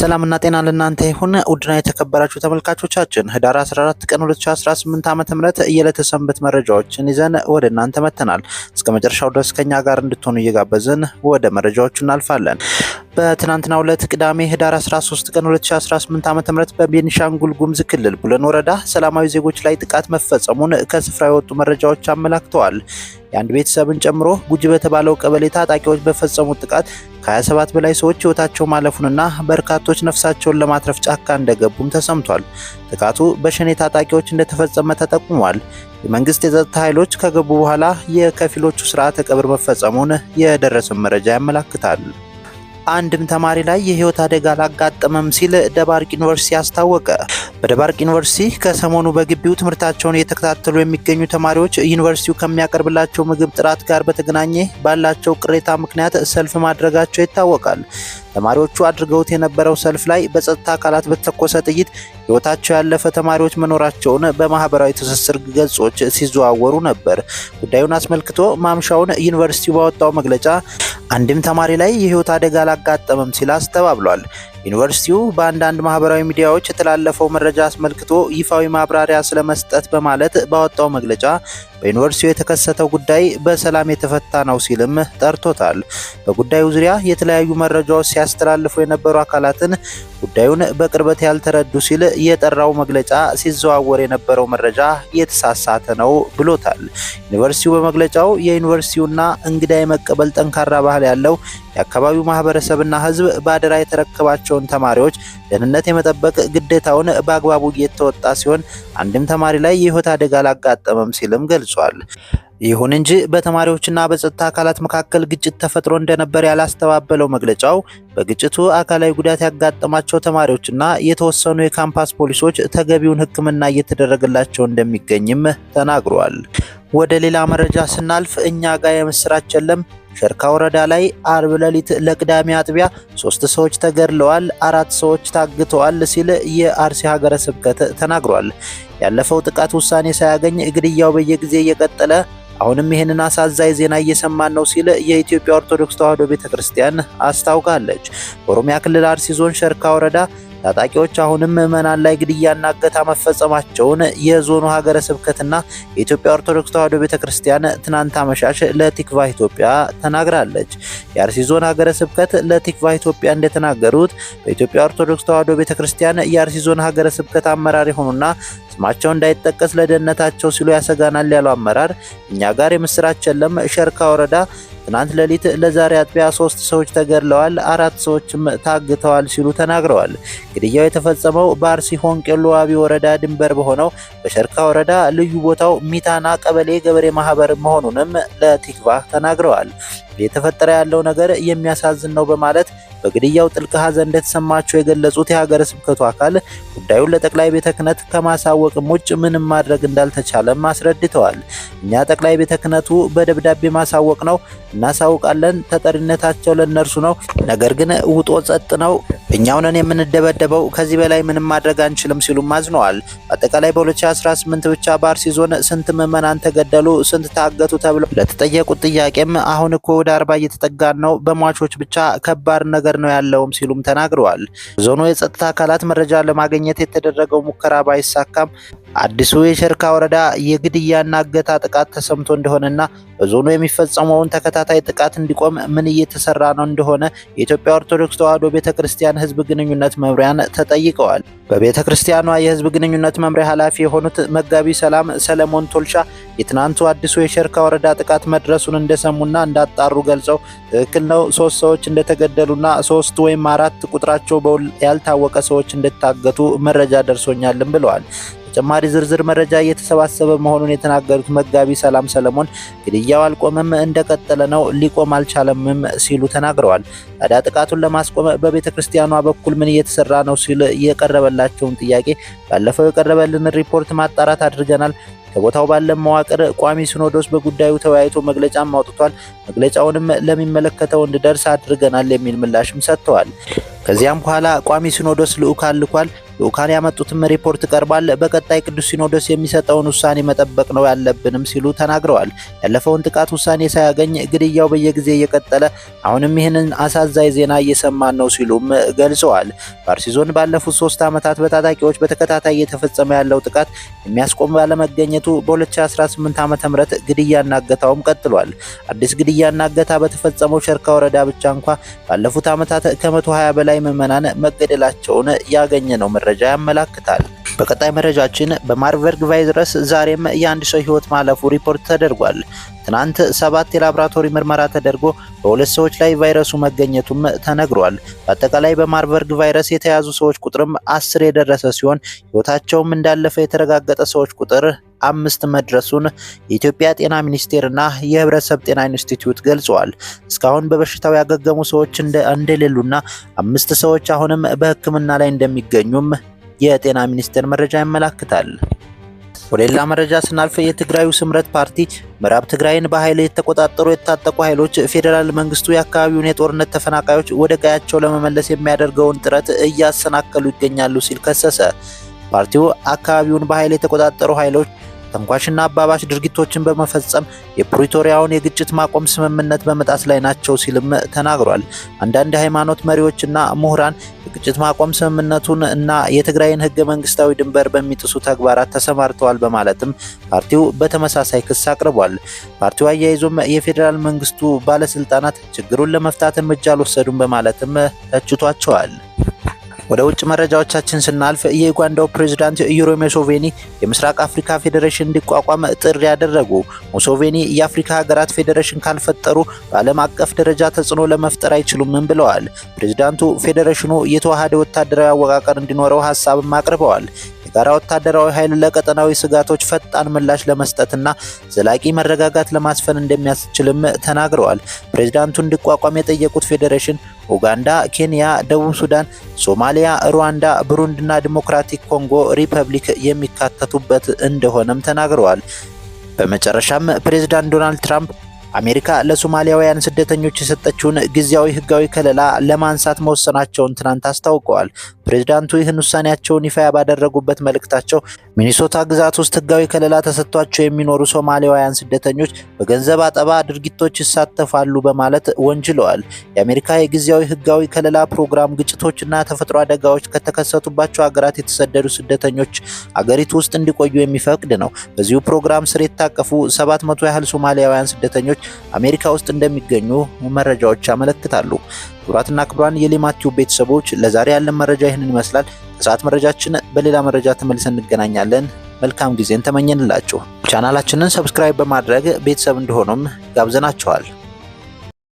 ሰላምና ጤና ለእናንተ ይሁን ውድና የተከበራችሁ ተመልካቾቻችን፣ ህዳር 14 ቀን 2018 ዓ.ም የዕለተ ሰንበት መረጃዎችን ይዘን ወደ እናንተ መጥተናል። እስከ መጨረሻው ድረስ ከኛ ጋር እንድትሆኑ እየጋበዝን ወደ መረጃዎቹ እናልፋለን። በትናንትና ሁለት ቅዳሜ ህዳር 13 ቀን 2018 ዓ.ም በቤኒሻንጉል ጉምዝ ክልል ቡለን ወረዳ ሰላማዊ ዜጎች ላይ ጥቃት መፈጸሙን ከስፍራ የወጡ መረጃዎች አመላክተዋል። የአንድ ቤተሰብን ጨምሮ ጉጂ በተባለው ቀበሌ ታጣቂዎች በፈጸሙት ጥቃት ከ27 በላይ ሰዎች ህይወታቸው ማለፉንና በርካቶች ነፍሳቸውን ለማትረፍ ጫካ እንደገቡም ተሰምቷል። ጥቃቱ በሸኔ ታጣቂዎች እንደተፈጸመ ተጠቁሟል። የመንግስት የጸጥታ ኃይሎች ከገቡ በኋላ የከፊሎቹ ስርዓተ ቀብር መፈጸሙን የደረሰን መረጃ ያመላክታል። አንድም ተማሪ ላይ የህይወት አደጋ አላጋጠመም ሲል ደባርቅ ዩኒቨርሲቲ አስታወቀ። በደባርቅ ዩኒቨርሲቲ ከሰሞኑ በግቢው ትምህርታቸውን እየተከታተሉ የሚገኙ ተማሪዎች ዩኒቨርሲቲው ከሚያቀርብላቸው ምግብ ጥራት ጋር በተገናኘ ባላቸው ቅሬታ ምክንያት ሰልፍ ማድረጋቸው ይታወቃል። ተማሪዎቹ አድርገውት የነበረው ሰልፍ ላይ በጸጥታ አካላት በተተኮሰ ጥይት ህይወታቸው ያለፈ ተማሪዎች መኖራቸውን በማህበራዊ ትስስር ገጾች ሲዘዋወሩ ነበር። ጉዳዩን አስመልክቶ ማምሻውን ዩኒቨርሲቲው ባወጣው መግለጫ አንድም ተማሪ ላይ የህይወት አደጋ አላጋጠመም ሲል አስተባብሏል። ዩኒቨርሲቲው በአንዳንድ ማህበራዊ ሚዲያዎች የተላለፈው መረጃ አስመልክቶ ይፋዊ ማብራሪያ ስለመስጠት በማለት ባወጣው መግለጫ በዩኒቨርሲቲው የተከሰተው ጉዳይ በሰላም የተፈታ ነው ሲልም ጠርቶታል። በጉዳዩ ዙሪያ የተለያዩ መረጃዎች ሲያስተላልፉ የነበሩ አካላትን ጉዳዩን በቅርበት ያልተረዱ ሲል የጠራው መግለጫ ሲዘዋወር የነበረው መረጃ የተሳሳተ ነው ብሎታል። ዩኒቨርሲቲው በመግለጫው የዩኒቨርሲቲውና እንግዳ የመቀበል ጠንካራ ባህል ያለው የአካባቢው ማህበረሰብና ህዝብ በአደራ የተረከባቸው ያላቸውን ተማሪዎች ደህንነት የመጠበቅ ግዴታውን በአግባቡ እየተወጣ ሲሆን አንድም ተማሪ ላይ የህይወት አደጋ አላጋጠመም ሲልም ገልጿል። ይሁን እንጂ በተማሪዎችና በጸጥታ አካላት መካከል ግጭት ተፈጥሮ እንደነበር ያላስተባበለው መግለጫው በግጭቱ አካላዊ ጉዳት ያጋጠማቸው ተማሪዎችና የተወሰኑ የካምፓስ ፖሊሶች ተገቢውን ሕክምና እየተደረገላቸው እንደሚገኝም ተናግሯል። ወደ ሌላ መረጃ ስናልፍ እኛ ጋር የምስራች የለም ሸርካ ወረዳ ላይ አርብ ሌሊት ለቅዳሜ አጥቢያ ሶስት ሰዎች ተገድለዋል፣ አራት ሰዎች ታግተዋል ሲል የአርሲ ሀገረ ስብከት ተናግሯል። ያለፈው ጥቃት ውሳኔ ሳያገኝ ግድያው በየጊዜ እየቀጠለ አሁንም ይህንን አሳዛኝ ዜና እየሰማን ነው ሲል የኢትዮጵያ ኦርቶዶክስ ተዋሕዶ ቤተክርስቲያን አስታውቃለች። በኦሮሚያ ክልል አርሲ ዞን ሸርካ ወረዳ ታጣቂዎች አሁንም ምዕመናን ላይ ግድያና እገታ መፈጸማቸውን የዞኑ ሀገረ ስብከትና የኢትዮጵያ ኦርቶዶክስ ተዋሕዶ ቤተ ክርስቲያን ትናንት አመሻሽ ለቲክቫ ኢትዮጵያ ተናግራለች። የአርሲ ዞን ሀገረ ስብከት ለቲክቫ ኢትዮጵያ እንደተናገሩት በኢትዮጵያ ኦርቶዶክስ ተዋሕዶ ቤተ ክርስቲያን የአርሲ ዞን ሀገረ ስብከት አመራር የሆኑና ስማቸው እንዳይጠቀስ ለደህንነታቸው ሲሉ ያሰጋናል ያሉ አመራር እኛ ጋር የምስራች የለም ሸርካ ወረዳ ትናንት ሌሊት ለዛሬ አጥቢያ ሶስት ሰዎች ተገድለዋል፣ አራት ሰዎችም ታግተዋል ሲሉ ተናግረዋል። ግድያው የተፈጸመው በአርሲ ሆንቄሎ አቢ ወረዳ ድንበር በሆነው በሸርካ ወረዳ ልዩ ቦታው ሚታና ቀበሌ ገበሬ ማህበር መሆኑንም ለቲክቫህ ተናግረዋል። የተፈጠረ ያለው ነገር የሚያሳዝን ነው በማለት በግድያው ጥልቅ ሐዘን እንደተሰማቸው የገለጹት የሀገረ ስብከቱ አካል ጉዳዩን ለጠቅላይ ቤተ ክህነት ከማሳወቅም ውጭ ምንም ማድረግ እንዳልተቻለም አስረድተዋል። እኛ ጠቅላይ ቤተ ክህነቱ በደብዳቤ ማሳወቅ ነው፣ እናሳውቃለን። ተጠሪነታቸው ለእነርሱ ነው። ነገር ግን ውጦ ጸጥ ነው። እኛው ነን የምንደበደበው። ከዚህ በላይ ምንም ማድረግ አንችልም ሲሉም አዝነዋል። በአጠቃላይ በ2018 ብቻ በአርሲ ዞን ስንት ምዕመናን ተገደሉ፣ ስንት ታገቱ ተብለው ለተጠየቁት ጥያቄም አሁን እኮ ወደ አርባ እየተጠጋን ነው፣ በሟቾች ብቻ ከባድ ነገር እየተነጋገር ነው ያለውም ሲሉም ተናግረዋል። ዞኑ የጸጥታ አካላት መረጃ ለማግኘት የተደረገው ሙከራ ባይሳካም አዲሱ የሸርካ ወረዳ የግድያና እገታ ጥቃት ተሰምቶ እንደሆነና በዞኑ የሚፈጸመውን ተከታታይ ጥቃት እንዲቆም ምን እየተሰራ ነው እንደሆነ የኢትዮጵያ ኦርቶዶክስ ተዋሕዶ ቤተ ክርስቲያን ሕዝብ ግንኙነት መምሪያን ተጠይቀዋል። በቤተ ክርስቲያኗ የሕዝብ ግንኙነት መምሪያ ኃላፊ የሆኑት መጋቢ ሰላም ሰለሞን ቶልሻ የትናንቱ አዲሱ የሸርካ ወረዳ ጥቃት መድረሱን እንደሰሙና እንዳጣሩ ገልጸው ትክክል ነው፣ ሶስት ሰዎች እንደተገደሉና ሶስት ወይም አራት ቁጥራቸው በውል ያልታወቀ ሰዎች እንደታገቱ መረጃ ደርሶኛልም ብለዋል። ተጨማሪ ዝርዝር መረጃ እየተሰባሰበ መሆኑን የተናገሩት መጋቢ ሰላም ሰለሞን ግድያው አልቆመም እንደቀጠለ ነው፣ ሊቆም አልቻለምም ሲሉ ተናግረዋል። ታዲያ ጥቃቱን ለማስቆም በቤተ ክርስቲያኗ በኩል ምን እየተሰራ ነው ሲል የቀረበላቸውን ጥያቄ ባለፈው የቀረበልን ሪፖርት ማጣራት አድርገናል። ከቦታው ባለ መዋቅር ቋሚ ሲኖዶስ በጉዳዩ ተወያይቶ መግለጫም አውጥቷል። መግለጫውንም ለሚመለከተው እንዲደርስ አድርገናል የሚል ምላሽም ሰጥተዋል። ከዚያም በኋላ ቋሚ ሲኖዶስ ልዑካን ልኳል። ልዑካን ያመጡትም ሪፖርት ቀርቧል። በቀጣይ ቅዱስ ሲኖዶስ የሚሰጠውን ውሳኔ መጠበቅ ነው ያለብንም ሲሉ ተናግረዋል። ያለፈውን ጥቃት ውሳኔ ሳያገኝ ግድያው በየጊዜ እየቀጠለ አሁንም ይህንን አሳዛኝ ዜና እየሰማን ነው ሲሉም ገልጸዋል። በአርሲ ዞን ባለፉት ሶስት ዓመታት በታጣቂዎች በተከታታይ እየተፈጸመ ያለው ጥቃት የሚያስቆም ባለመገኘቱ በ2018 ዓ ም ግድያና እገታውም ቀጥሏል። አዲስ ግድያና እገታ በተፈጸመው ሸርካ ወረዳ ብቻ እንኳ ባለፉት ዓመታት ከ120 በላይ ምዕመናን መገደላቸውን ያገኘ ነው መረጃ ያመላክታል። በቀጣይ መረጃችን በማርበርግ ቫይረስ ዛሬም የአንድ ሰው ህይወት ማለፉ ሪፖርት ተደርጓል። ትናንት ሰባት የላብራቶሪ ምርመራ ተደርጎ በሁለት ሰዎች ላይ ቫይረሱ መገኘቱም ተነግሯል። በአጠቃላይ በማርበርግ ቫይረስ የተያዙ ሰዎች ቁጥርም አስር የደረሰ ሲሆን ህይወታቸውም እንዳለፈ የተረጋገጠ ሰዎች ቁጥር አምስት መድረሱን የኢትዮጵያ ጤና ሚኒስቴርና የህብረተሰብ ጤና ኢንስቲትዩት ገልጸዋል። እስካሁን በበሽታው ያገገሙ ሰዎች እንደሌሉና አምስት ሰዎች አሁንም በሕክምና ላይ እንደሚገኙም የጤና ሚኒስቴር መረጃ ያመላክታል። ወደ ሌላ መረጃ ስናልፍ የትግራዩ ስምረት ፓርቲ ምዕራብ ትግራይን በኃይል የተቆጣጠሩ የታጠቁ ኃይሎች ፌዴራል መንግስቱ የአካባቢውን የጦርነት ተፈናቃዮች ወደ ቀያቸው ለመመለስ የሚያደርገውን ጥረት እያሰናከሉ ይገኛሉ ሲል ከሰሰ። ፓርቲው አካባቢውን በኃይል የተቆጣጠሩ ኃይሎች ተንኳሽና አባባሽ ድርጊቶችን በመፈጸም የፕሪቶሪያውን የግጭት ማቆም ስምምነት በመጣስ ላይ ናቸው ሲልም ተናግሯል። አንዳንድ የሃይማኖት መሪዎችና ምሁራን የግጭት ማቆም ስምምነቱን እና የትግራይን ህገ መንግስታዊ ድንበር በሚጥሱ ተግባራት ተሰማርተዋል በማለትም ፓርቲው በተመሳሳይ ክስ አቅርቧል። ፓርቲው አያይዞም የፌዴራል መንግስቱ ባለስልጣናት ችግሩን ለመፍታት እርምጃ አልወሰዱም በማለትም ተችቷቸዋል። ወደ ውጭ መረጃዎቻችን ስናልፍ የዩጋንዳው ፕሬዝዳንት ዩዌሪ ሙሴቬኒ የምስራቅ አፍሪካ ፌዴሬሽን እንዲቋቋም ጥሪ ያደረጉ። ሞሶቬኒ የአፍሪካ ሀገራት ፌዴሬሽን ካልፈጠሩ በዓለም አቀፍ ደረጃ ተጽዕኖ ለመፍጠር አይችሉምም ብለዋል። ፕሬዝዳንቱ ፌዴሬሽኑ የተዋሃደ ወታደራዊ አወቃቀር እንዲኖረው ሀሳብም አቅርበዋል። የጋራ ወታደራዊ ኃይል ለቀጠናዊ ስጋቶች ፈጣን ምላሽ ለመስጠትና ዘላቂ መረጋጋት ለማስፈን እንደሚያስችልም ተናግረዋል። ፕሬዚዳንቱ እንዲቋቋም የጠየቁት ፌዴሬሽን ኡጋንዳ፣ ኬንያ፣ ደቡብ ሱዳን፣ ሶማሊያ፣ ሩዋንዳ፣ ብሩንድና ዲሞክራቲክ ኮንጎ ሪፐብሊክ የሚካተቱበት እንደሆነም ተናግረዋል። በመጨረሻም ፕሬዚዳንት ዶናልድ ትራምፕ አሜሪካ ለሶማሊያውያን ስደተኞች የሰጠችውን ጊዜያዊ ህጋዊ ከለላ ለማንሳት መወሰናቸውን ትናንት አስታውቀዋል። ፕሬዚዳንቱ ይህን ውሳኔያቸውን ይፋ ባደረጉበት መልእክታቸው ሚኒሶታ ግዛት ውስጥ ህጋዊ ከለላ ተሰጥቷቸው የሚኖሩ ሶማሊያውያን ስደተኞች በገንዘብ አጠባ ድርጊቶች ይሳተፋሉ በማለት ወንጅለዋል። የአሜሪካ የጊዜያዊ ህጋዊ ከለላ ፕሮግራም ግጭቶችና ተፈጥሮ አደጋዎች ከተከሰቱባቸው ሀገራት የተሰደዱ ስደተኞች አገሪቱ ውስጥ እንዲቆዩ የሚፈቅድ ነው። በዚሁ ፕሮግራም ስር የታቀፉ 700 ያህል ሶማሊያውያን ስደተኞች አሜሪካ ውስጥ እንደሚገኙ መረጃዎች ያመለክታሉ። ክቡራትና ክቡራን የሊማቲው ቤተሰቦች ለዛሬ ያለን መረጃ ይህንን ይመስላል። ከሰዓት መረጃችን በሌላ መረጃ ተመልሰን እንገናኛለን። መልካም ጊዜን ተመኘንላችሁ። ቻናላችንን ሰብስክራይብ በማድረግ ቤተሰብ እንዲሆኑም ጋብዘናችኋል።